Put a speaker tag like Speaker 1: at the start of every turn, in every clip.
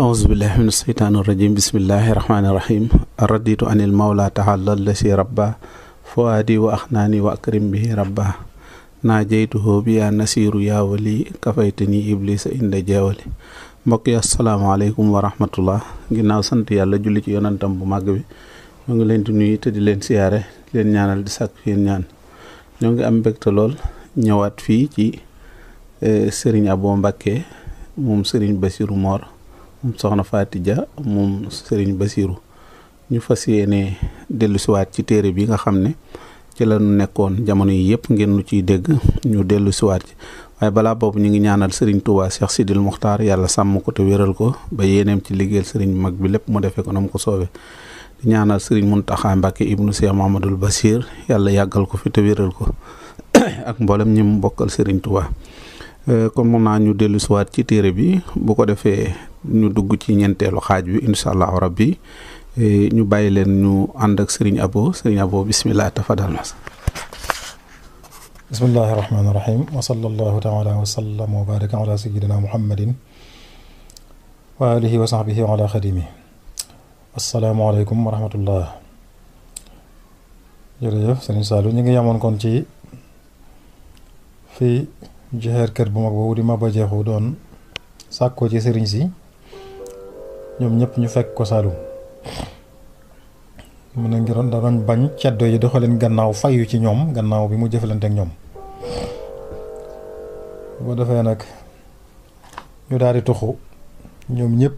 Speaker 1: aousubillah min asheytaan irajim bismillahi irahmaaniirahim raditu anil mawla taala lasi rabba fuaadi wa axnaani wa akrim bihi rabba naa jeytuhoo bi yaa nasiiru yaa wali kafaytani iblisa inda jeewali mbokk yi asalaamaaleykum wa rahmatullah ginnaaw sant yàlla julli ci yonantam bu màgg bi ñoo ngi leen di nuyu te di leen siyaare leen ñaanal di sàkk yéen ñaan ñoo ngi am mbégte lool ñëwaat fii ci eh, sëriñ Abo Mbàkke moom sëriñ Basiru Moor moom soxna Faty mom Serigne basirou ñu delu ci wat ci téré bi nga xamné ne ci la ñu nekkoon jamono yépp ngeen nu ci dégg ñu delu ci waye bala bobu ñi ngi ñaanal Serigne Touba Cheikh Sidil mukhtar yalla sam ko te wéral ko ba yéeneem ci liggéeyal Serigne mag bi lépp mu défé ko nam ko sowé di ñaanal Serigne Mountakha mbake ibnu Cheikh Mamadou Basir yalla yagal ko fi te wéral ko ak mbolam ñi mu bokkal Serigne Touba. comme mun naa ñu dellu siwaat ci téré bi bu ko défé ñu dugg ci ñentelu xaj bi inshallah rabbi ñu bayi len ñu ànd ak serigne abo serigne abo bismillah tafadal mas
Speaker 2: بسم الله الرحمن الرحيم وصلى الله تعالى وسلم وبارك على سيدنا محمد وآله وصحبه وعلى خديمه السلام عليكم ورحمة الله جريف سنسالو نيجي يامون كونتي في kër bu mag boobu di Maba Jaxu doon sàkkoo ci sëriñ si ñoom ñëpp ñu fekk ko Saalum mu ne ngi doon da doon bañ ceddo yi doxaleen gannaaw fayu ci ñoom gannaaw bi mu jëflante ak ñoom boo defee nag ñu daal di toxu ñoom ñëpp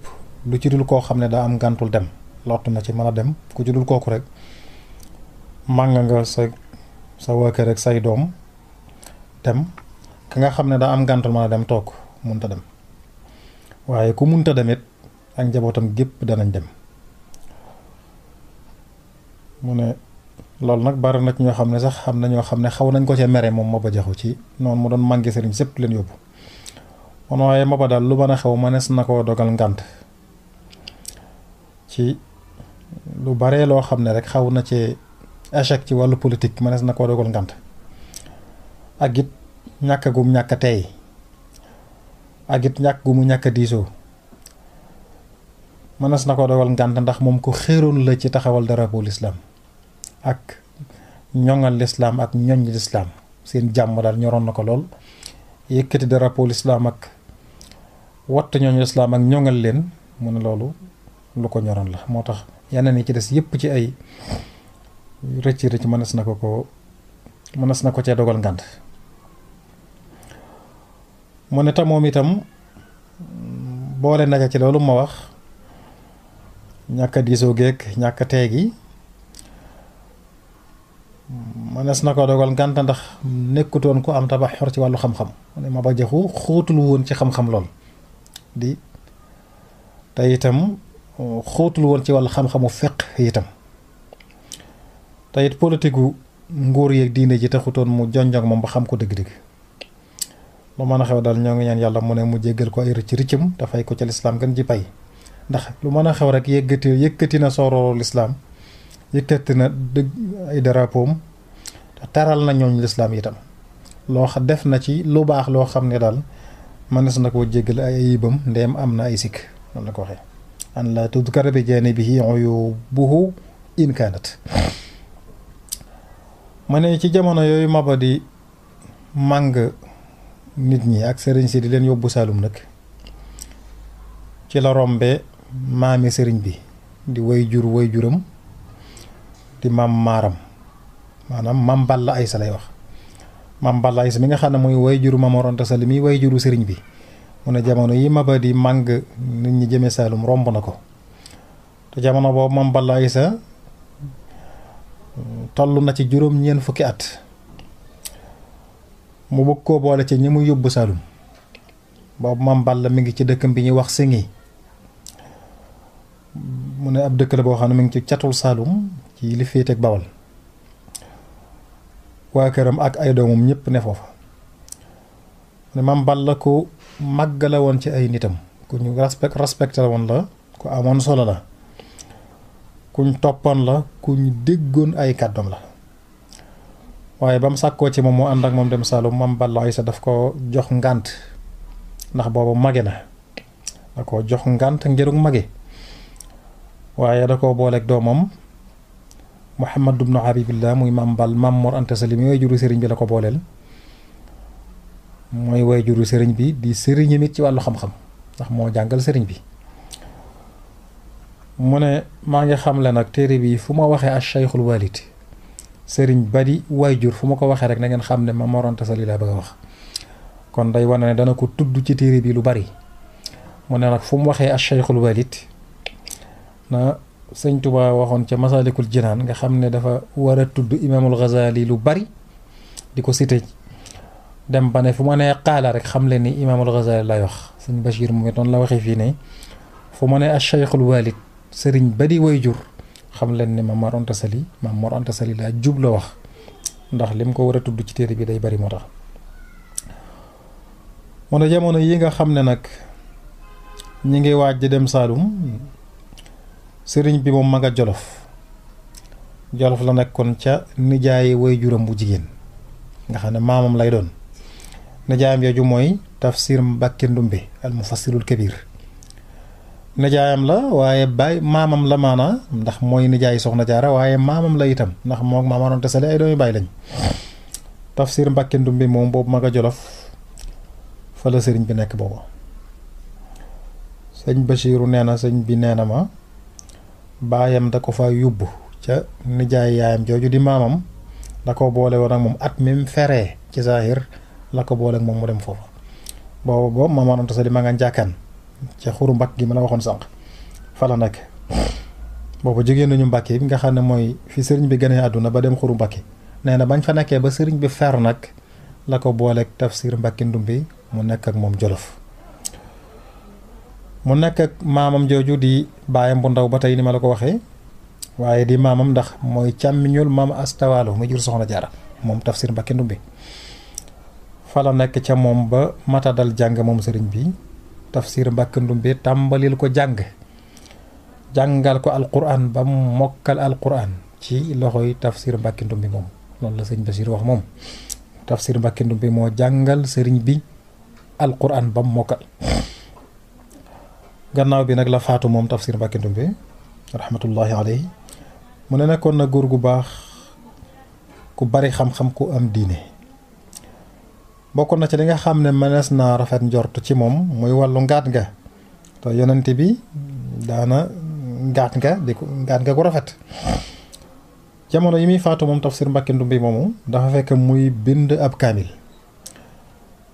Speaker 2: lu ci dul koo xam ne daa am gàntul dem lott na ci mën a dem ku ci kooku rek màng nga sa sa waa kër say doom dem ka nga xam ne daa am gàntul mën a dem toog munta dem waaye ku munta dem it ak njabootam gépp danañ dem mu ne loolu nag bari nag ñoo xam ne sax xam na ñoo xam ne xaw nañ ko ca mere moom Maba Jaxu ci noonu mu doon màngi sëriñ sëpp leen yóbbu man waaye Maba daal lu mën a xew mënees na koo dogal ngant ci lu baree loo xam rek xaw na ci échec ci wàllu politique manes na koo dogal ngant ak it ñàkk gum ñàkk tey ak it ñàkk gumu mu ñàkk diisoo mënees na ko dogal ngànt ndax moom ko xéeroon la ci taxawal l'islam ak ñongal l'islam ak ñoñ l'islam seen jàmm daal ñoroon na ko lool yëkkati drapeau l'islam ak watt ñooñu l'islam ak ñongal leen mu ne loolu lu ko ñoroon la moo tax yeneen ci des yépp ci ay rëcc rëcc mënees na ko ko na dogal ngànt mu ne tamoom itam boole naga ci loolu ma wax ñàkk a diisoo géeg ñàkk a teegi mënees na ko dogal ngànta ndax nekkutoon ko am tabaxor ci wàllu xam-xam mu ne ma ba jaxu xóotul woon ci xam-xam lool di te itam xóotul woon ci wàll xam-xamu feq itam te it politique gu nguur yeeg diine ji taxutoon mu jonjong moom ba xam ko dëgg-dëgg mo mën xew dal ñoo ngi ñaan yalla mu ne mu jéggel ko ay rëcc da fay ko ci l'islam gën ji pay ndax lu mën xew rek yëkkati yëkkati na soro l'islam yëkkati na dëgg ay ta taral na ñoo l'islam itam lo xa def na ci lu baax lo xamne dal man na koo ay yibam ndem amna ay sik non la ko waxe an la tudkar bi janibihi uyubuhu in kanat mané ci jamono yoyu mabadi mang nit ñi ak sëriñ si di leen yóbbu Saalum nag ci la rombe maami sëriñ bi di way jur way juróom di maam maaram maanaam maam Balla Aysa lay wax maam Balla Aysa mi nga xam ne muy way juru Maam Mor mi way juru sëriñ bi mu ne jamono yi maba di màng nit ñi jëme Saalum romb na ko te jamono boobu maam Balla Aysa toll na ci juróom ñeent fukki at mu bëgg koo boole ci ñi mu yóbbu Saloum boobu mam Balla mi ngi ci dëkkam bi ñuy wax Singi mu ne ab dëkk la boo xam ne mi ngi ci catul salum ci li féete ak waa këram ak ay doomam ñëpp ne foofa ne mam Balla ku màgg la woon ci ay nitam ku ñu respect respect la woon la ku amoon solo la kuñ toppoon la kuñ déggoon ay kàddoom la waaye ba mu sàkkoo ci moom moo ànd ak moom dem Saalum mam Balla Aysa daf ko jox ngànt ndax boobu mage na da ko jox ngànt ngirug mage waaye da ko booleeg doomam Muhammad ibnu Habibillah muy mam muy mam Mor Anta Sali mi way juru sëriñ bi la ko booleel mooy way juru sëriñ bi di sëriñ mit ci wàllu xam-xam ndax moo jàngal sëriñ bi mu ne maa ngi xam xamle nag téere bi fu ma waxee ak Cheikhul Walid sëriñ bari waayjur fu ma ko waxee rek na ngeen xam ne ma Mor Anta Sali laa bëgg a wax kon day wane ne dana ko tudd ci téere bi lu bari mu ne nag fu mu waxee Cheikhul Walid na sëñ Tuba waxoon ca Masalikul Jinaan nga xam ne dafa war a tudd Imaamul Ghazali lu bari di ko cité dem ba ne fu ma nee qaala rek xam leen ni Imaamul Ghazali lay wax sëñ Bachir mu ngi doon la waxee fii ne fu ma nee Cheikhul Walid sëriñ bari waayjur. xam leen ne Maam Mor Anta Sali Maam Mor Anta Sali laa ndax lim ko war a tudd ci téere bi day bari moo tax mu jamono yi nga xam ne nag ñi ngi waaj di dem Saalum sëriñ bi moom ma nga Jolof Jolof la nekkoon ca nijaay way juróom jigéen nga xam ne maamam lay doon nijaayam yooju mooy tafsir Mbàkke Ndumbe al mufassirul kabir nijaayam la waaye bay mamam la maanaa ndax mooy nijaay soxna jaara waaye maamam la itam ndax mok maama doon tasale ay doomi lañ tafsir mbàkke ndumbi moom boobu maga jolof fa la sëriñ bi nekk booba sëñ Bachiru nee na sëñ bi nee na ma baayam da ko fa yóbbu ca nijaay yaayam jooju di mamam, da ko boole woon ak moom at mim feree ci zahir la ko boole ak moom mu dem foofa booba boobu maama doon ma nga ci xuru mbak gi ma waxon sank sànq fa la nekk boobu jógee nañu mbàkke bi nga xam moy fi sëriñ bi gëné aduna ba dem xuru mbàkke nee bañ fa nekkee ba sëriñ bi fer nak la ko bolé tafsir mbàkki ndumbi mu nekk ak mom jolof mu nekk ak mamam joju di bayam bu ndaw batay ni ma la ko waxee waaye di mamam ndax moy càmmiñul mam astawaalo mu jur soxna jara mom tafsir mbàkki ndumbi fa la nekk ca mom ba mata dal jang mom serigne bi tafsir dombi tambalil ko jang jangal ko alquran bam mokal alquran ci loxoy tafsir mbàkkandumbe mom mom, la sëñ Bachir wax mom tafsir mbàkkandumbe mo jangal serigne bi alquran bam mokal gannaaw bi nak la faatu mom tafsir mbàkkandumbe rahmatullahi alayhi mu ne na gu ku bari xam-xam ku am diine bokk na ci li nga xam ne mënees naa rafet njort ci moom muy wàllu ngaat nga te yonent bi daana ngaat nga di ko ngaat nga gu rafet jamono yi muy faatu moom tafsir Mbàkke ndumbi moomu dafa fekk muy bind ab kaamil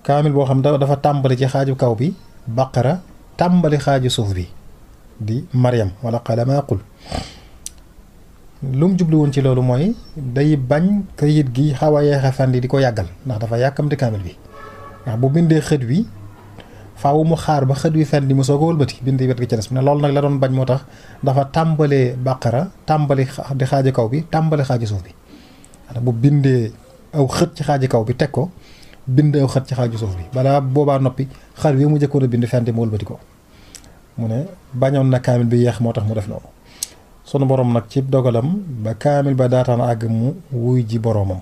Speaker 2: kaamil boo xam dafa tàmbali ci xaaju kaw bi baqara tàmbali xaaju suuf bi di Maryam wala qala ma aqul lu mu jublu ci loolu mooy day bañ këyit gi xaw a yeexe fan yi di ko yàggal ndax dafa yàkkamti kaamil bi ndax bu bindee xët wi faaw mu xaar ba xët wi fen di mu soog a wëlbati gi ca ne loolu nag la doon bañ moo tax dafa tàmbalee bàqara tàmbali di xaaji kaw bi tàmbali xaaji suuf bi bu bindee aw xët ci xaaji kaw bi teg ko bind aw xët ci xaaji suuf bi balaa boobaa noppi xar wi mu jëkkoon a bind fen di mu wëlbati ko mu ne bañoon na kaamil bi yeex moo tax mu def noonu sunu borom nag ci dogalam ba kaamil ba daataan àgg mu wuy ji boromam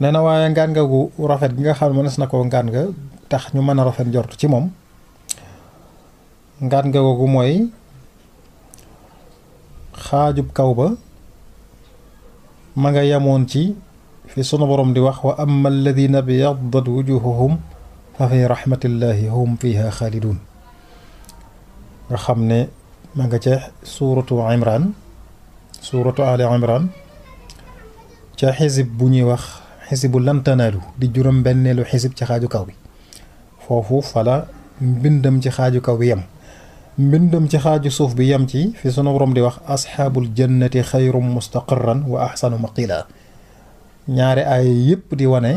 Speaker 2: nee na waaye ngaan nga gu rafet gi nga xam ne mënees na ko ngaan nga tax ñu mën a rafet njort ci moom ngaan nga googu mooy xaajub kaw ba ma nga yamoon ci fi sunu borom di wax wa amma alladina biyaddat wujuhuhum fa fi rahmatillahi hum fiha xaalidun nga xam ne ma nga ca suuratu imran suuratu ali imran ca xisib bu ñuy wax xisibu lantanaalu di juróom benneelu xisib ci xaaju kaw bi foofu fala mbindam ci xaaju kaw bi yem mbindam ci xaaju suuf bi yem ci fi sunu borom di wax asxaabul jannati xayrum mustaqarran wa axsanu maqila ñaari ay yëpp di wane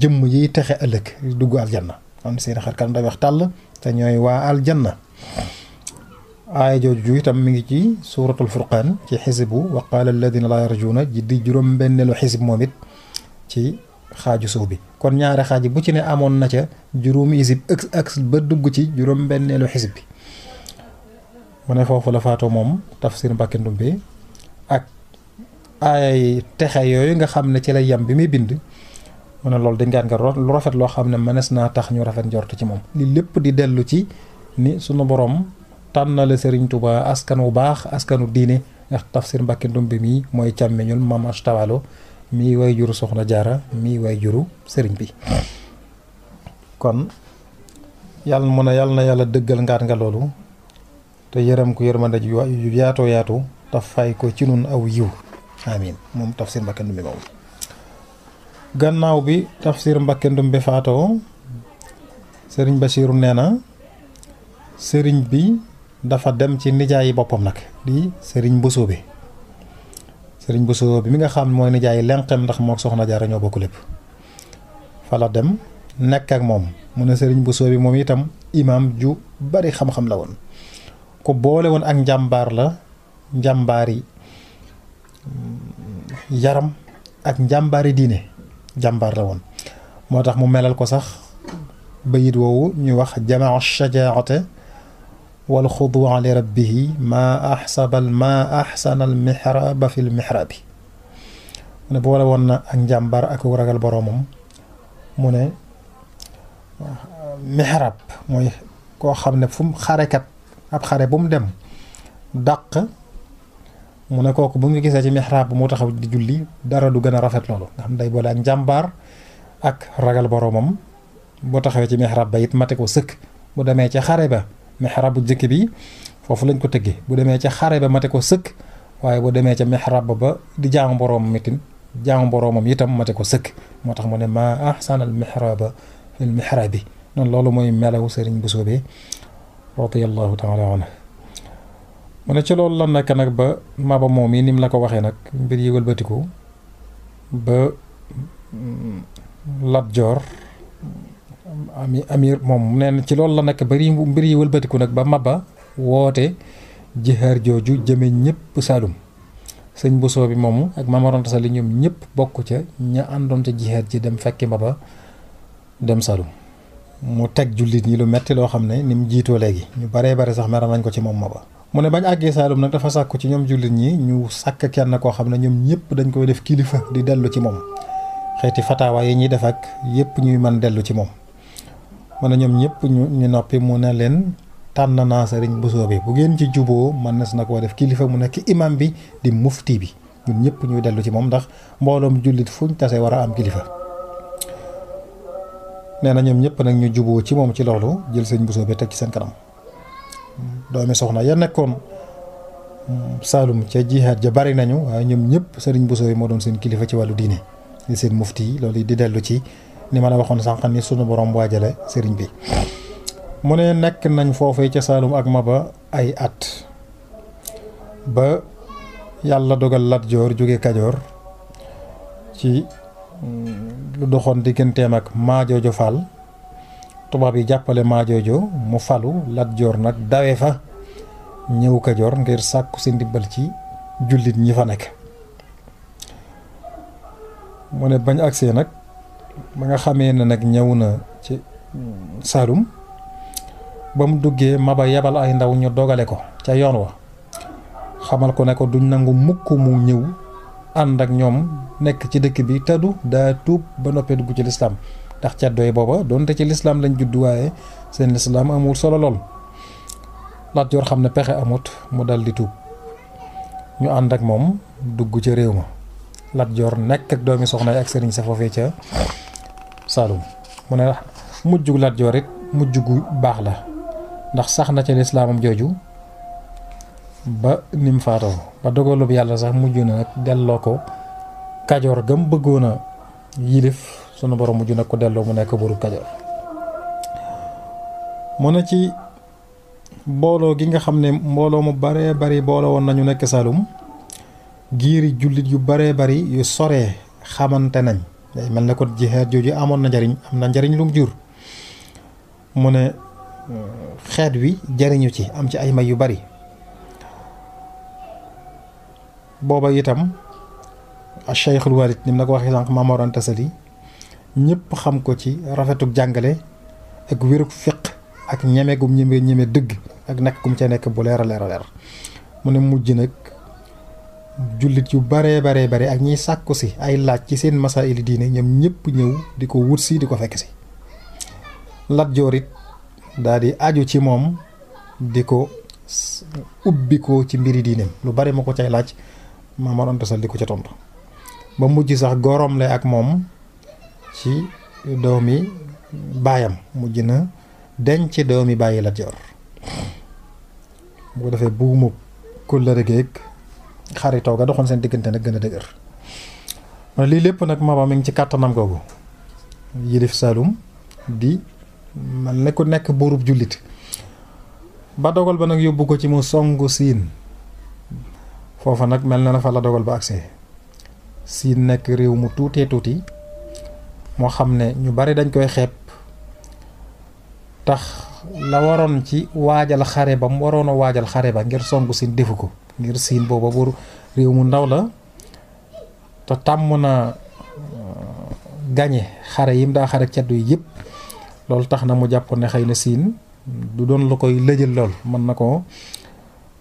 Speaker 2: jëmm yiy texe ëllëg dugg aljanna am seen xar kanam day wax tàll te ñooy waa aljanna aaya jooju itam mi ngi ci suuratul furqaan ci xisibu wa qaala alladina laa yarjuuna ji di juróom-benneelu xisib moom it ci xaaju suuf bi kon ñaari xaaju bu ci ne amoon na ca juróom isib ba dugg ci juróom-benneelu xisib bi mu ne foofu la faatoo moom tafsir Mbàkke Ndumbe ak aayay texe yooyu nga xam ne ci lay yam bi muy bind mu ne loolu dañ gaan nga lu rafet loo xam ne mënees naa tax ñu rafet njort ci moom li lépp di dellu ci ni sunu borom tanale Serigne Touba askanu bax askanu dine ndax tafsir Mbàkke Ndumbe mi moy càmmeñul Maam mama Waalo mii way juru Soxna jara mi way juru serigne bi kon yal mu yal na yalla deggal ngaat nga loolu te yeram ko yermande ju yaatoo yaatu ta fay ko ci nun aw yiw amin mom tafsir Mbàkke Ndumbe mom gannaaw bi tafsir Mbàkke Ndumbe faatoo sëriñ Basiiru nee na sëriñ bi dafa dem ci nijaayi boppam nag di sëriñ Bousso bi sëriñ Bousso bi mi nga xam mooy nijaay lenqem ndax moo soxna jaara ñoo bokk lépp fala dem nekk ak moom mu ne sëriñ Bousso bi moom itam imaam ju bari xam-xam la woon ko boole woon ak njàmbaar la njàmbaari yaram ak njàmbaari diine jàmbaar la woon moo tax mu melal ko sax bayit woowu ñuy wax jamaa shajaate والخضوع لربه ما أحسب ما أحسن المحراب في المحراب نبولا وانا انجامبار اكو راغال بروموم مون محراب موي كو خامن فوم خاركات اب خاري بوم ديم داق مون كوكو بوم غيسا سي محراب مو تخاو دي جولي دارا دو غنا رافيت لولو خام داي بولا انجامبار اك راغال بروموم بو تخاو سي محراب بايت ماتيكو سك بو دامي سي خاري با mihrabu jëkk bi foofu lañ ko tëggee bu demee ca xare ba mate ko sëkk waaye bu demee ca mihrab ba di jaamu boroomam itam jaamu boroomam itam mate ko sëkk moo tax mu ne ma ahsanal mihraba fil mihrabi noonu loolu mooy melaw sëriñ bu soobee radiyallahu taala anhu mu ne ci loolu lan nekk nag ba maba moom yi ni mu la ko waxee nag mbir yi wëlbatiku ba Lat Joor ami amir Mom, nen ci loolu la nag bari mbir yi wëlbatiku nak ba mabba wote jihaar joju jeme ñepp salum señ bu bi mom ak mamaron tassali ñom ñepp bokku ca ña andon ca jihaar ji dem fekke mabba dem salum. mu tek julit ni lu metti lo xamne nim jito legi ñu bare bare sax meram nañ ko ci mom mabba mu ne bañ agge salum nak dafa sakku ci ñom julit ñi ñu sàkk kenn ko xamne ñom ñepp dañ koy def kilifa di delu ci mom xeti fatawa yi ñi def ak yëpp ñuy man delu ci mom man na ñoom ñëpp ñu ñu noppi mu ne leen tànn naa sëriñ Bousso bi bu ngeen ci juboo man na na koo def kilifa mu nekk imam bi di mufti bi ñun ñëpp ñuy dellu ci moom ndax mbooloom jullit fuñ tase war a am kilifa. nee na ñoom ñëpp nag ñu juboo ci moom ci loolu jël sëriñ Bousso bi teg ci seen kanam doomi soxna ya nekkoon mm, Saalum ca jihaad ja bari nañu waaye ñoom ñëpp sëriñ Bousso bi moo doon seen kilifa ci wàllu diine di seen mufti yi loolu di dellu ci. ni ma la waxoon ni sunu borom wajale serigne bi mune nek nañ fofé ci salum ak Maba ay at ba yalla dogal Lat jor joge kadior ci mm, lu doxoon digganteem ak fal Fall bi jappale ma jojo mu falu Lat jor nak dawe fa ka Kajoor ngir sakku sin dibal ci julit ñi fa nekk mune bañ accé nak ba nga xamee ne nag ñëw na ci Saalum ba mu duggee Maba yebal ay ndaw ñu dogale ko ca yoon wa xamal ko ne ko duñ nangu mukk mu ñëw ànd ak ñoom nekk ci dëkk bi taddu daa tuub ba noppee dugg ci lislaam ndax ca doy booba doonte ci lislaam lañ judd waaye seen lislaam amul solo lool Lat Joor xam ne pexe amut mu dal tuub ñu ànd ak moom dugg ca réew ma Lat Joor nekk ak doomi soxna yi ak sëriñ sa foofee ca Saalum mu ne mujjug Lat Joor it mujj gu baax la ndax sax na ca lislaamam jooju ba nim faatoo ba dogalub yàlla sax mujj na delloo ko kajoor gam bëggoon a yilif sunu borom mujj nag ko delloo mu nekk buurub kajoor mu ne ci mbooloo gi nga xam ne mbooloo mu baree bari booloo woon nañu nekk Saalum giiri jullit yu baree bari yu soree xamante nañ day mel ne kon jihaad jooju amoon na njariñ am na njariñ lu jur mu ne xeet wi jariñu ci am ci ay may yu bari booba itam Cheikhul Walid ni mu la ko waxee sànq Maamor Anta Sali ñëpp xam ko ci rafetug jàngale ak wérug fiq ak ñeme gum ñeme ñeme dëgg ak nekk gum ca nekk bu leer a leer a leer mu ne mujj nag jullit yu baree baree bare ak ñiy sàkku si ay laaj ci seen yi diine ñoom ñëpp ñëw di ko wut si di ko fekk si Lat Joor it daal di aju ci moom di ko ubbikoo ci mbiri diineem lu bari ma ko cay laaj ma Mor Anta Sali ko ca tontu ba mujj sax gorom la ak moom ci doomi baayam mujj na denc doomi bàyyi Lat Joor bu ko defee buumu kóllëre geeg xaritoo ga doxoon seen diggante nag gën a dëgër ma lii lépp nag Maba mi ngi ci kàttanam googu yilif salum di man ne ko nekk buurub jullit ba dogal ba nag yóbbu ko ci mu songu siin foofa nag mel na na fa la dogal ba agse siin nekk réew mu tuutee tuuti moo xam ne ñu bari dañ koy xeeb tax la waroon ci waajal xare ba mu waroon a waajal ba ngir songu siin defu ngir siin booba bu réew mu ndaw la te tàmm na euh, gañe xare yim daa xare ceddu yi yëpp loolu tax na mu jàpp ne xëy na siin du doon lu koy lëjal lool mën na ko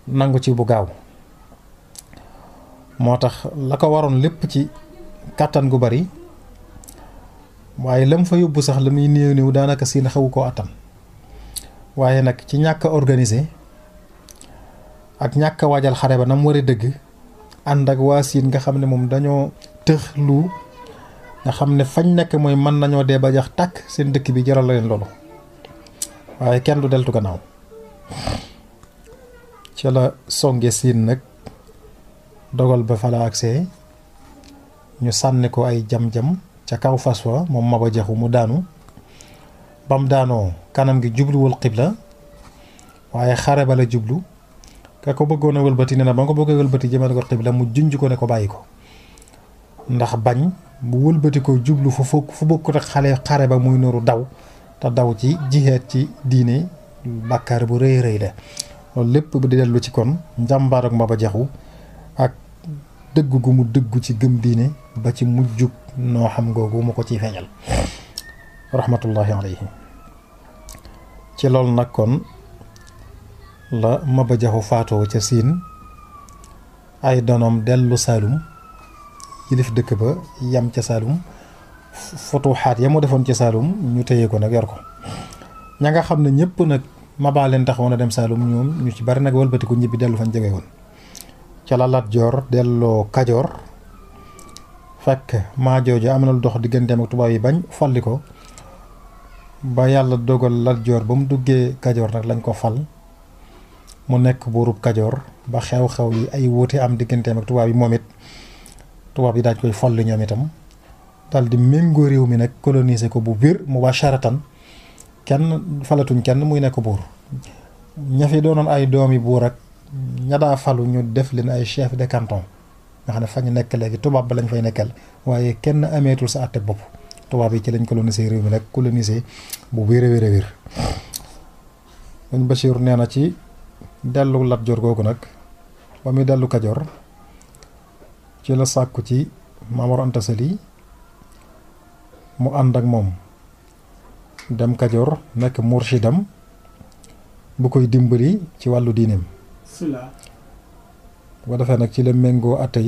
Speaker 2: nangu ci bu gaaw moo tax la ko waroon lépp ci kàttan gu bari waaye lam fa yóbbu sax la muy néew néew daanaka siin xawu ko attan waaye nag ci ñàkk a ak ñàkk waajal xare ba nam wari dëgg ànd ak waa nga xam ne moom dañoo tëx lu nga xam ne fañ nekk mooy mën nañoo dee ba jax tàkk seen dëkk bi jaral leen loolu waaye kenn du deltu gannaaw ci la songe siin nag dogal ba fala agsee ñu sànni ko ay jam-jam ca kaw fas wa moom maba jaxu mu daanu bam daanoo kanam gi jubluwul xibla waaye xare ba la jublu kako ko bëggoon a wëlbati ne na ba nga bëgg a wëlbati jëmale ko xibla mu junj ko ne ko bàyyi ko ndax bañ bu wëlbati ko jublu fu fokk fu bokkut ak xale xare ba muy noru daw te daw ci jiheet ci diine bàkkaar bu rëy rëy la loolu lépp bu di dellu ci kon njàmbaar ak mbaba jaxu ak dëggu gu mu dëggu ci gëm diine ba ci mujjug noo xam googu mu ko ci feeñal rahmatullahi alayhi ci loolu nag kon la Maba Jaxu faatoo ca siin ay donoom dellu Saalum yilif dëkk ba yam ca Saalum futuxaat ya mu defoon ca Saalum ñu téye ko nag yor ko ña nga xam ne ñëpp nag Maba leen taxawoon a dem Saalum ñoom ñu ci bari nag walbatiku ñibbi dellu fañ jóge woon ca la Lat Joor delloo Kajoor fekk maa jooju am na lu dox digganteem ak tubaab yi bañ folli ko ba yàlla dogal Lat Joor ba mu duggee Kajoor nag lañ ko fal mu nekk buurub kajoor ba xew-xew yi ay wuute am digganteem ak tubaab yi moom it tubaab yi daaj koy foll ñoom itam daal di méngoo réew mi nag coloniser ko bu biir mu mubasharatan kenn falatuñ kenn muy nekk buur ña fi doonoon ay doomi buur ak ña daa falu ñu def leen ay chef de canton nga xam ne fa ñu nekk léegi tubaab bi lañ fay nekkeel waaye kenn ameetul sa àtte bopp tubaab yi ci lañ coloniser réew mi nag coloniser bu wér a wér a wér. nee ci. dellu Lat Joor googu nag ba muy dellu Kajoor ci la sàkku ci Maam Mor Anta mu ànd ak moom dem Kajoor nekk mursidam bu koy dimbali ci wàllu diineem bu ko defee nag ci la méngoo atte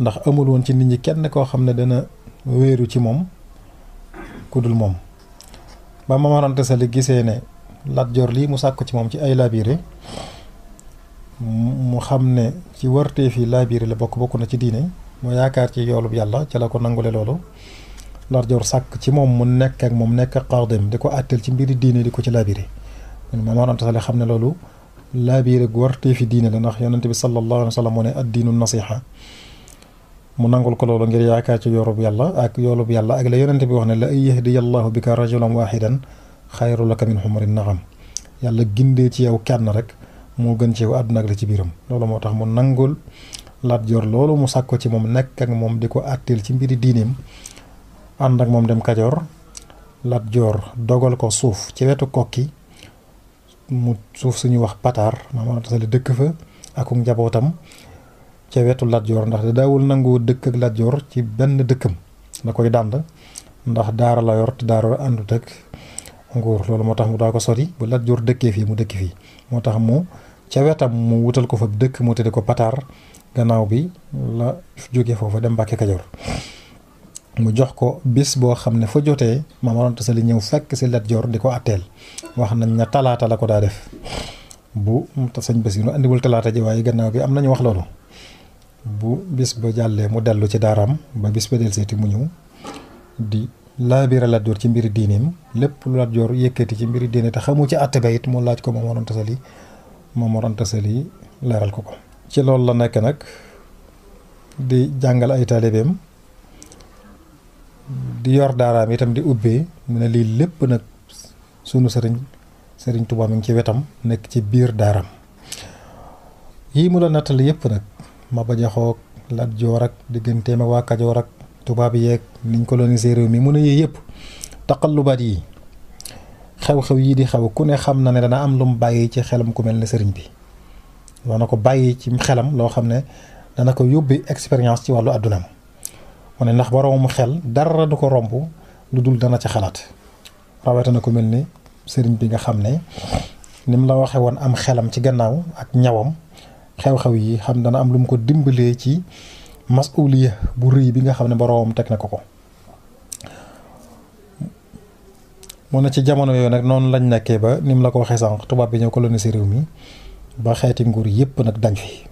Speaker 2: ndax amul woon ci nit ñi kenn koo xam ne dana wéeru ci moom ku moom ba Maam Mor Anta gisee ne Lat Joor lii mu sàkk ci moom ci ay laabire mu xam ne ci warteef yi laabire la bokk bokk na ci diine mu yaakaar ci yoolub yàlla ca la ko nangule loolu Lat Joor sàkk ci moom mu nekk ak moom nekk xaadim di ko àtteel ci mbiri diine di ko ci laabire ma Mor Anta Sali xam ne loolu laabire gu warteef yi diine la ndax yonente bi sallallahu alayhi wa sallam mu ne addiinu nasiha mu nangul ko loolu ngir yaakaar ci yoolub yàlla ak yoolub yàlla ak la yonente bi wax ne la ay yahdiya allahu bika rajulan wahidan xayru laka min xumari naxam yàlla gindee ci yow kenn rek moo gën ci yow àdduna ak la ci biiram loolu moo tax mu nangul Lat Joor loolu mu ko ci moom nekk ak moom di ko àtteel ci mbiri diineem ànd ak moom dem Kajoor Lat Joor dogal ko suuf ci wetu kokki mu suuf suñu wax pataar maanaam tasali dëkk fa ak njabootam ca wetu Lat ndax da daawul nangoo dëkk ak Lat ci benn dëkkam da koy dànd ndax daara la yor te daara àndut ak nguur loolu moo tax mu daa ko sori bu Lat Joor dëkkee fii mu dëkk fii moo tax mu ca wetam mu wutal ko fa dëkk mu tëddee ko Pataar gannaaw bi la jóge foofa dem Mbàkke Kajoor mu jox ko bis boo xam ne foo jotee ma Mor Anta Sali ñëw fekk si Lat Joor di ko atteel wax nañ ne talaata la ko daa def bu sëñ bés yi nu andiwul talaata ji waaye gannaaw bi am nañu wax loolu bu bis ba jàllee mu dellu ci daaraam ba bis ba delseeti mu ñëw di laabira Lat Joor ci mbiri diineem lépp lu Lat Joor yëkkati ci mbiri diine te xamu ci àtte ba it mu laaj ko Maam Mor Anta Sali Maam Mor Anta ko ko ci loolu la nekk nag di jàngal ay taalibeem di yor daaraam itam di ubbee mu ne lii lépp nag sunu sëriñ sëriñ Tuubaa mi ci wetam nekk ci biir daaraam yii mu la nattali yépp nag ma bajaxoog Lat Joor ak digganteem ak waa Kajoor ak tubaab yeeg niñ colonisé réew mi mu ne yooyu yëpp taqallubaat yi xew-xew yii di xew ku ne xam na ne dana am lu mu bàyyi ci xelam ku mel ne sëriñ bi ko bàyyi ci xelam loo xam ne dana ko yóbbi expérience ci wàllu àddunaam mu ne ndax boroomu xel dara du ko romb lu dul dana ca xalaat rawatina ku mel ni sëriñ bi nga xam ne ni mu la waxee woon am xelam ci gannaaw ak ñawam xew-xew yi xam dana am lu mu ko dimbalee ci masuliya bu rëy bi nga xam ne boroomam teg na ko ko mu ne ci jamono yooyu nag noonu lañ nekkee ba ni la ko waxee sànq tubaab bi ñëw si réew mi ba xeeti nguur yépp nag dañ fi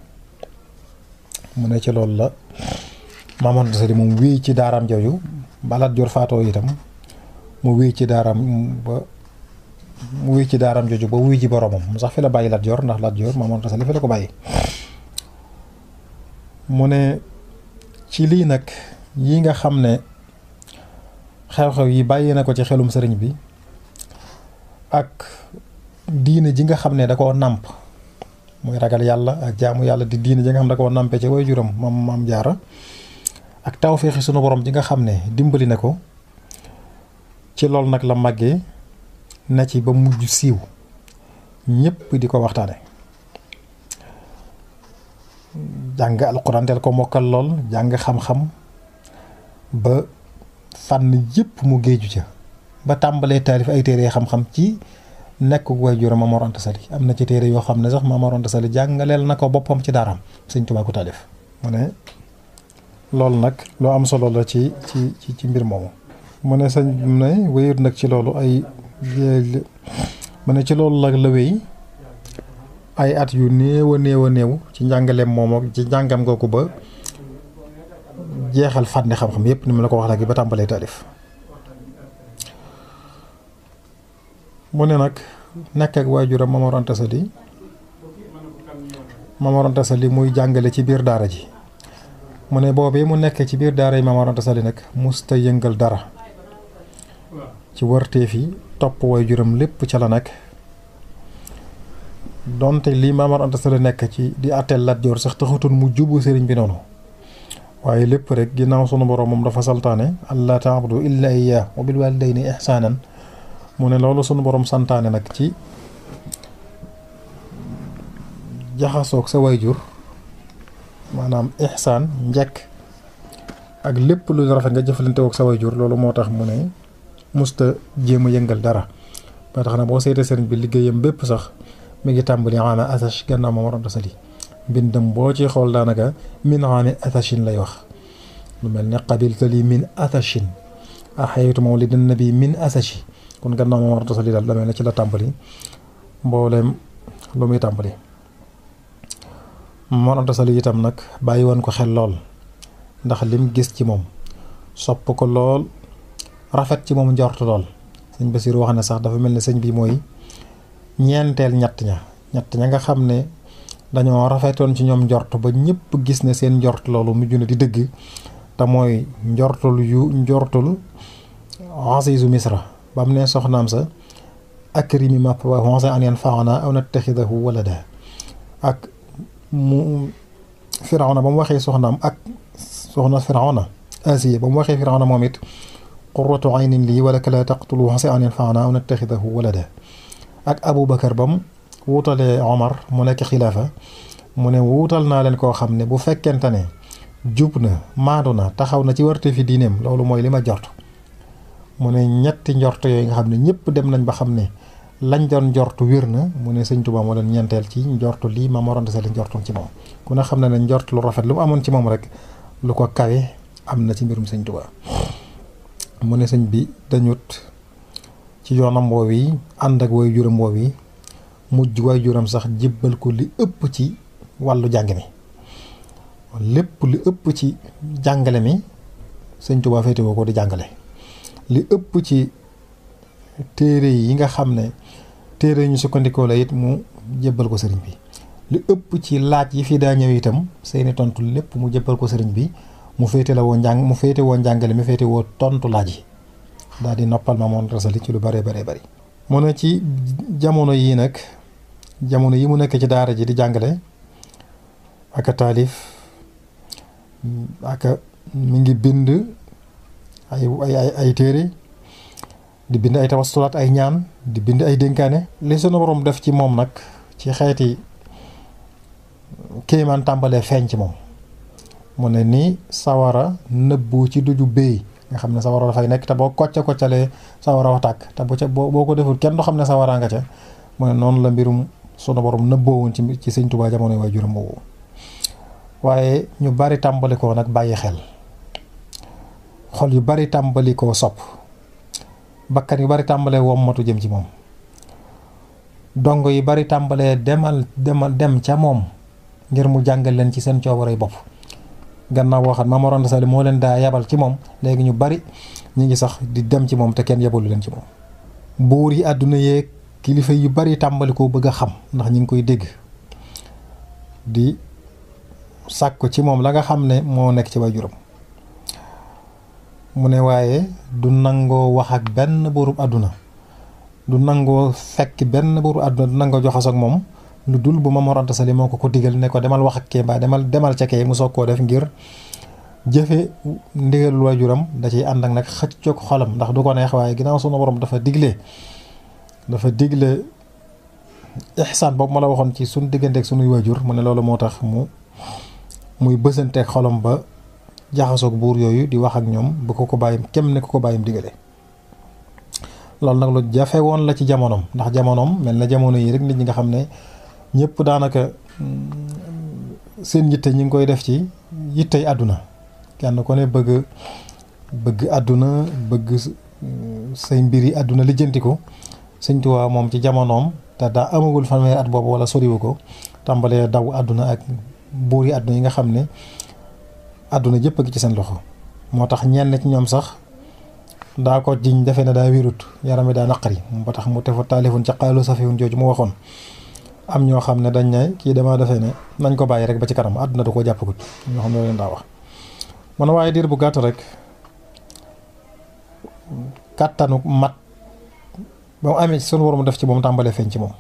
Speaker 2: mu ne ci loolu la Maam Anta Sali moom wéy ci daaram jooju balaat jor faatoo itam mu wéy ci daaraam ba wéy ci daaraam jooju ba wuy ji boromam mu sax fi la bàyyi Lat ndax Lat Joor Maam Anta Sali fi la ko bàyyi mu ne ci li nak yi nga xamne xew-xew yi baye nako ci xelum serigne bi ak diine ji nga xamne da ko namp muy ragal yalla ak jaamu yalla di diine ji nga xam da ko nampé ci way juram mam mam jaara ak tawféexi sunu borom ji nga xamne dimbali nako ci lol nak la na ci ba mujju siiw ñepp di ko jàng alxuraan ko mokkal lool jàng xam-xam ba fànn yëpp mu géeju ca ba tàmbalee taalif ay téere xam-xam ci nekk gu way juróom Maam Mor am na ci téere yoo xam ne sax Maam Mor Anta jàngaleel na ko boppam ci daaram Sëñ Tuubaa ko taalif mu ne loolu nag loo am solo la ci ci ci mbir moomu mu ne sëñ ne wéyut nag ci loolu ay mu ne ci loolu la la wéy ay at yu neew neew neew ci jangale mom ak ci jangam goku ba jeexal fànni xam-xam yep ni ma la ko wax léegi ba tàmbalee taalif mu ne nag nekk ak waajuram Mamor Anta Sali Mamor Anta Sali muy jangale ci bir dara ji mune ne mu nek ci bir dara yi Mamor Anta Sali nak musta yengal dara ci warteef fi top wajuram lepp ci la nak donte lii Maamar Anta Sali nekk ci di àtteel Lat Joor sax taxutoon mu jubu sëriñ bi noonu waaye lépp rek ginnaaw sunu borom moom dafa santaane allaa ta'budu illaa iyyaahu wa bil waalidayni ihsaanan mu ne loolu sunu borom santaane nag ci jaxasoog sa jur maanaam ihsaan njekk ak lépp lu rafet nga jëflante woog sa wayjur loolu moo tax mu ne musta jéem a yëngal dara ba tax na boo seetee sëriñ bi liggéeyam bépp sax ميجي تامبلي عام اثاش غنا مو مرام رسالي بن دم بوجي خول من عام اثاش لاي واخ لو ملني قبلت من اثاش احيت مولد النبي من اثاش كون غنا مو مرام رسالي دال تامبلي بولم لو مي تامبلي مو مرام رسالي يتام نك باي وان كو خيل لول ndax lim gis ci mom sop ko lol rafet ci mom ñeenteel ñett ña ñett ña nga xam ne dañoo rafetoon ci ñoom njort ba ñëpp gis ne seen njort loolu mujj na di dëgg te mooy njortul yu njortul asiisu misra ba mu ne soxnaam sa akrimi wa asaa an yanfaanaa aw nattaxidahu walada ak mu firawna ba mu waxee soxnaam ak soxna firawna asiya ba mu waxee firawna moom it qurratu aynin li lii walaka la taqtuluhu asaa an yanfaanaa aw nattaxidahu walada ak Aboubacar ba mu wuutalee Omar mu nekk xilaafa mu ne wuutal naa leen koo xam ne bu fekkente ne jub na maandu na taxaw na ci warte fi diineem loolu mooy li ma jort mu ne ñetti njort yooyu nga xam ne ñëpp dem nañ ba xam ne lañ doon jortu wér na mu ne sëñ Tuubaa moo doon ñeenteel ci njort lii ma Mor Anta Sali ci moom ku ne xam na ne njort lu rafet lu mu amoon ci moom rek lu ko kawe am na ci mbirum sëñ Tuubaa mu ne sëñ bi dañut ci yoonam woow yi ànd ak way juram woow yi mujj way juram sax jébbal ko li ëpp ci wàllu jàng mi lépp li ëpp ci jàngale mi sëñ Tuubaa féetewoo ko di jàngale li ëpp ci téere yi nga xam ne téere ñu sukkandikoo la it mu jébbal ko sëriñ bi li ëpp ci laaj yi fii daa ñëw itam seeni tontu lépp mu jébbal ko sëriñ bi mu féete la woo njàng mu féete woo njàngale mi féete woo tontu laaj yi daal di noppal ma moon rasali ci lu bare bare bari mu ne ci jamono yi nag jamono yi mu nekk ci daara ji di jàngale ak a taalif ak mi ngi bind ay ay ay téere di bind ay tawastulaat ay ñaan di bind ay dénkaane li sunu borom def ci moom nag ci xeeti kéemaan tàmbalee feeñ ci moom ne ni sawara nëbbu ci duju béy nga xam ne sawara dafay nekk te boo kocca koccalee sawara wa tak. te bu ca boo ko deful kenn du xam ne sawara nga ca mu ne noonu la mbirum sunu borom nëbboo woon ci ci sëñ Tuubaa jamono waay juróom boobu waaye ñu bari tàmbali nag bàyyi xel xol yu bari tàmbali sopp bakkan yu bari tàmbalee wommatu jëm ci moom dong yu bari tàmbalee demal demal dem ca moom ngir mu jàngal leen ci seen bopp gannaaw waxat ma Maam Mor Anta Sali moo leen daa yabal ci moom léegi ñu bari ñi ngi sax di dem ci moom te kenn yabalu leen ci moom. buur yi àdduna kilifa yu bari tambal ko bëgg a xam ndax ñi ngi koy dégg di sàkku ci moom la nga xam ne moo nekk ci waajuram mu ne waaye du nangoo wax ak benn buurub àdduna du nangoo fekk benn buurub àdduna du nangoo joxas ak moom. lu dul bu ma Mor Anta Sali moo ko ko digal ne ko demal wax ak kee mbaa demal demal ca kee mu soog koo def ngir jëfe ndigalul waajuram da ciy ànd ak nag xëccoog xolam ndax du ko neex waaye ginnaaw sunu borom dafa digle dafa digle ixsaan boobu ma la waxoon ci suñu digganteeg suñuy waajur mu ne loolu moo tax mu muy bësanteek xolom ba jaxasoog buur yooyu di wax ak ñoom bu ko ko bàyyi kem ne ko ko bàyyim digale loolu nag lu jafe woon la ci jamonoom ndax jamonoom mel na jamono yii rek nit ñi nga xam ne ñëpp daanaka mm, seen yitte ñu ngi koy def ci yittey àdduna kenn ku ne bëgg bëgg àdduna bëgg mm, say mbiri àdduna lijjanti ko Sëñ moom ci jamonoom te daa amagul fanweeri at boobu wala soriwu ko tàmbalee daw àdduna ak buur yi àdduna yi nga xam ne àdduna jëpp ak ngi ci seen loxo moo tax ñenn ci ñoom sax daa ko jiñ defe na daa wérut yaram wi daa naqari ba tax mu tefu taalifun ca xaalu safihun jooju mu waxoon am ñoo xam ne dañ ne kii dama defee ne nañ ko bàyyi rek ba ci kanam àdduna du ko jàppagut ñoo xam ne leen daa wax ne waaye bu gàtt rek kàttanu mat ba mu amee ci sunu borom def ci moom tàmbalee feeñ ci moom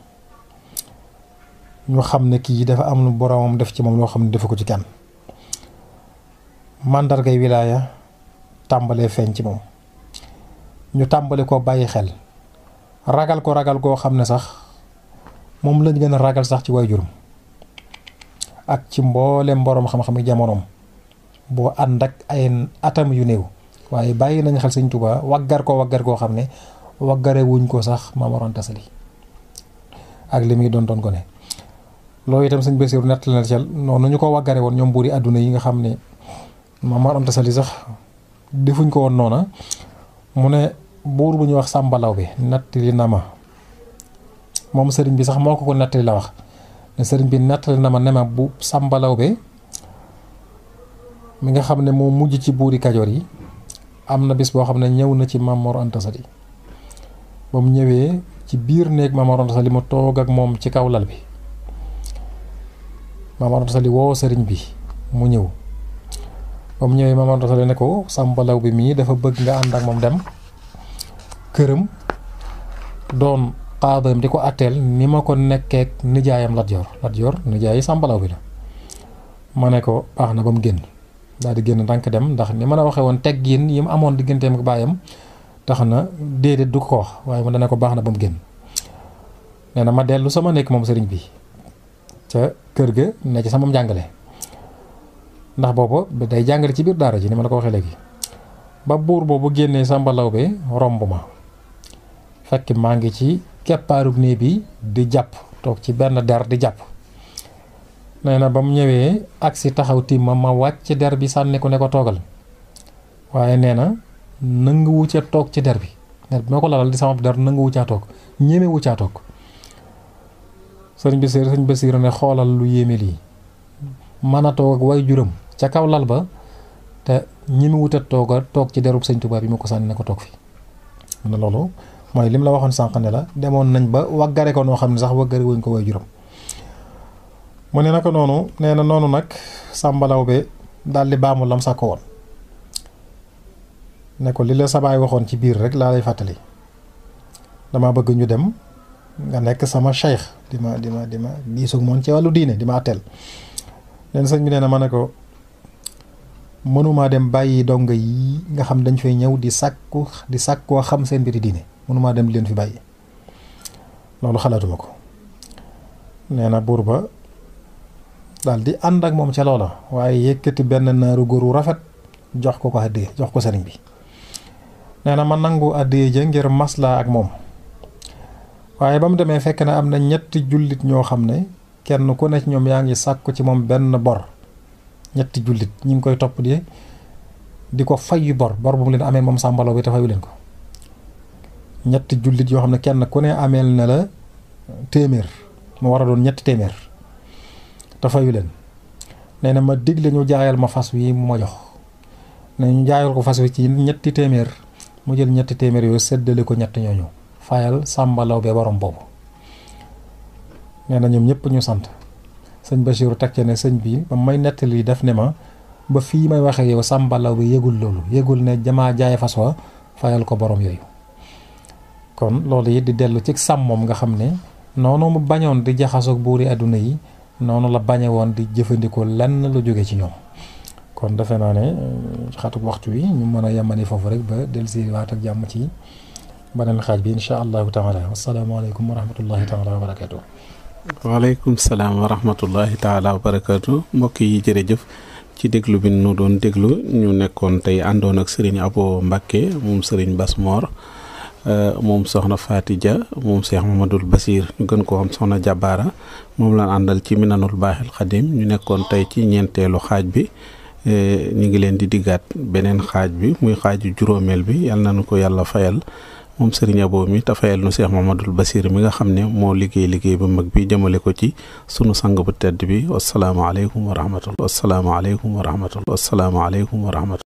Speaker 2: ñu xam ne kii dafa am lu boromam def ci moom loo xam ne defu ko ci kenn màndargay wilaya tàmbalee feeñ ci moom ñu ko bàyyi xel ragal ko ragal koo xam ne sax moom lañu gën a ragal sax ci waajuram ak ci mboole mboroom xam-xam yi jamonoom boo ànd ak ay atam yu néew waaye bàyyi nañ xel sëñ Tuubaa waggar ko waggar koo xam ne waggare wuñ ko sax maam waroon tasali ak li muy doon doon ko ne loolu itam sëñ Basiru nett la cel noonu ñu ko waggare woon ñoom buuri àdduna yi nga xam ne maam waroon tasali sax defuñ ko woon noona mu ne buur bu ñuy wax sàmbalaw bi natt li na ma moom sëriñ bi sax moo ko ko nettali la wax ne sëriñ bi nettali na ma ne bu sàmbalaw be mi nga xam ne moo mujj ci buuri kajoor yi am na bis boo xam ne ñëw na ci Mamor Anta ba mu ñëwee ci biir néeg Mamor Anta Sali mu toog ak moom ci kaw lal bi Mamor Anta woo sëriñ bi mu ñëw ba mu ñëwee Mamor Anta ne ko sàmbalaw bi mii dafa bëgg nga ànd ak moom dem këram doon qadim di ko atteel ni ma ko nekke nijaayam Lat Joor Lat Joor nijaay sambalaw bi la ma ko baax na gin mu di génn ndànk dem ndax ni ma na waxee woon teggin yim amone amoon digganteem ak bayam taxna dede du ko wax waye mo dana ko baxna na genn mu ma delu sama nek mom serigne bi ca keur ga ne ci sama jangale ndax boobu day jangale ci bir dara ji ni ma la ko waxe legi ba buur bobu genné sambalaw bi rombuma fekk maa ngi ci keppaarub néeg bi di jàpp toog ci benn der di jàpp nee na ba mu ñëwee agsi taxaw timma ma wàcc der bi sànni ko ne ko toogal waaye nee na nanguwu ca toog ci der bi der bi ma ko lal di sama der nanguwu caa toog ñemewu caa toog sëñ Basiir sëñ xoolal lu yéeme lii mën a toog ak way juram ca kaw lal ba te ñemewut a toogal toog ci derub sëñ Tuubaa bi ma ko sànni ne ko toog fi na loolu mooy lim la waxoon sànq ne la demoon nañ ba waggare ko noo xam ne sax waggare wuñ ko way juróom mu ne naka noonu nee na noonu nag sàmbalaw bi daal di baamu lam sa ko woon ne ko li la sabaay waxoon ci biir rek laa lay fàttali dama bëgg ñu dem nga nekk sama cheikh di ma di ma di ma diisug moom ci wàllu diine di ma atteel leen sëñ bi nee na ma ne ko mënumaa dem bàyyi donga yi nga xam dañ fay ñëw di sàkku di koo xam seen mbiri diine mënumaa dem di leen fi bàyyi loolu xalaatuma ko nee na buur ba daal di ànd ak moom ca loola waaye yëkkati benn naaru góor wu rafet jox ko ko àddee jox ko sëriñ bi nee na ma nangu àddee ja ngir maslaa ak moom waaye ba mu demee fekk na am na ñetti jullit ñoo kenn ku ne ci ñoom ci bor koy di di ko fayu bor bor bu mu leen amee moom sàmbaloo bi te fayu leen ko ñetti jullit yoo xam ne kenn ku ne ameel na la téeméer mu war a doon ñetti téeméer te fayu leen nee na ma digle ñu jaayal ma fas wi mu ma jox ne ñu jaayal ko fas wi ci ñetti téeméer mu jël ñetti téeméer yooyu séddale ko ñett ñooñu fayal sàmbalaw be borom boobu nee na ñoom ñëpp ñu sant sëñ ba Bachirou teg ne sëñ bi ba may nettali def ne ma ba fii may waxee yow sàmbalaw bi yéegul loolu yéegul ne jamaa jaay fas wa fayal ko borom yooyu kon loolu it di dellu ci sàmmoom nga xam ne noonu mu bañoon di buur buuri àdduna yi noonu la bañe woon di jëfandikoo lenn lu jóge ci ñoom kon defe naa ne euh, xatuk waxtu wi ñu mën a yemani foofu rek ba dellu si waat ak jàmm ci beneen xaaj bi incha allahu taala wasalaamaaleykum wa rahmatullahi taala wa barakatu
Speaker 1: waaleykum salaam wa rahmatullahi taala mbokk yi jëf ci déglu bi nu doon déglu ñu nekkoon tey àndoon ak Serigne Abo Mbacke moom Serigne Bass Mor moom soxna Faty Dia moom Cheikh Mamadou Basir ñu gën koo xam soxna jabara moom lañ àndal ci Minanul Baaxil Xadim ñu nekkoon tey ci ñeenteelu xaaj bi ñi ngi leen di diggaat beneen xaaj bi muy xaaju juróomeel bi yàlla na ko yàlla fayal moom Serigne Abo mi te fayal nu Cheikh Mamadou Basir mi nga xam ne moo liggéey liggéey bu mag bi jëmale ko ci sunu sang bu tedd bi wasalaamaaleykum wa rahmatullah wasalaamaaleykum wa rahmatullah wasalaamaaleykum wa rahmatullah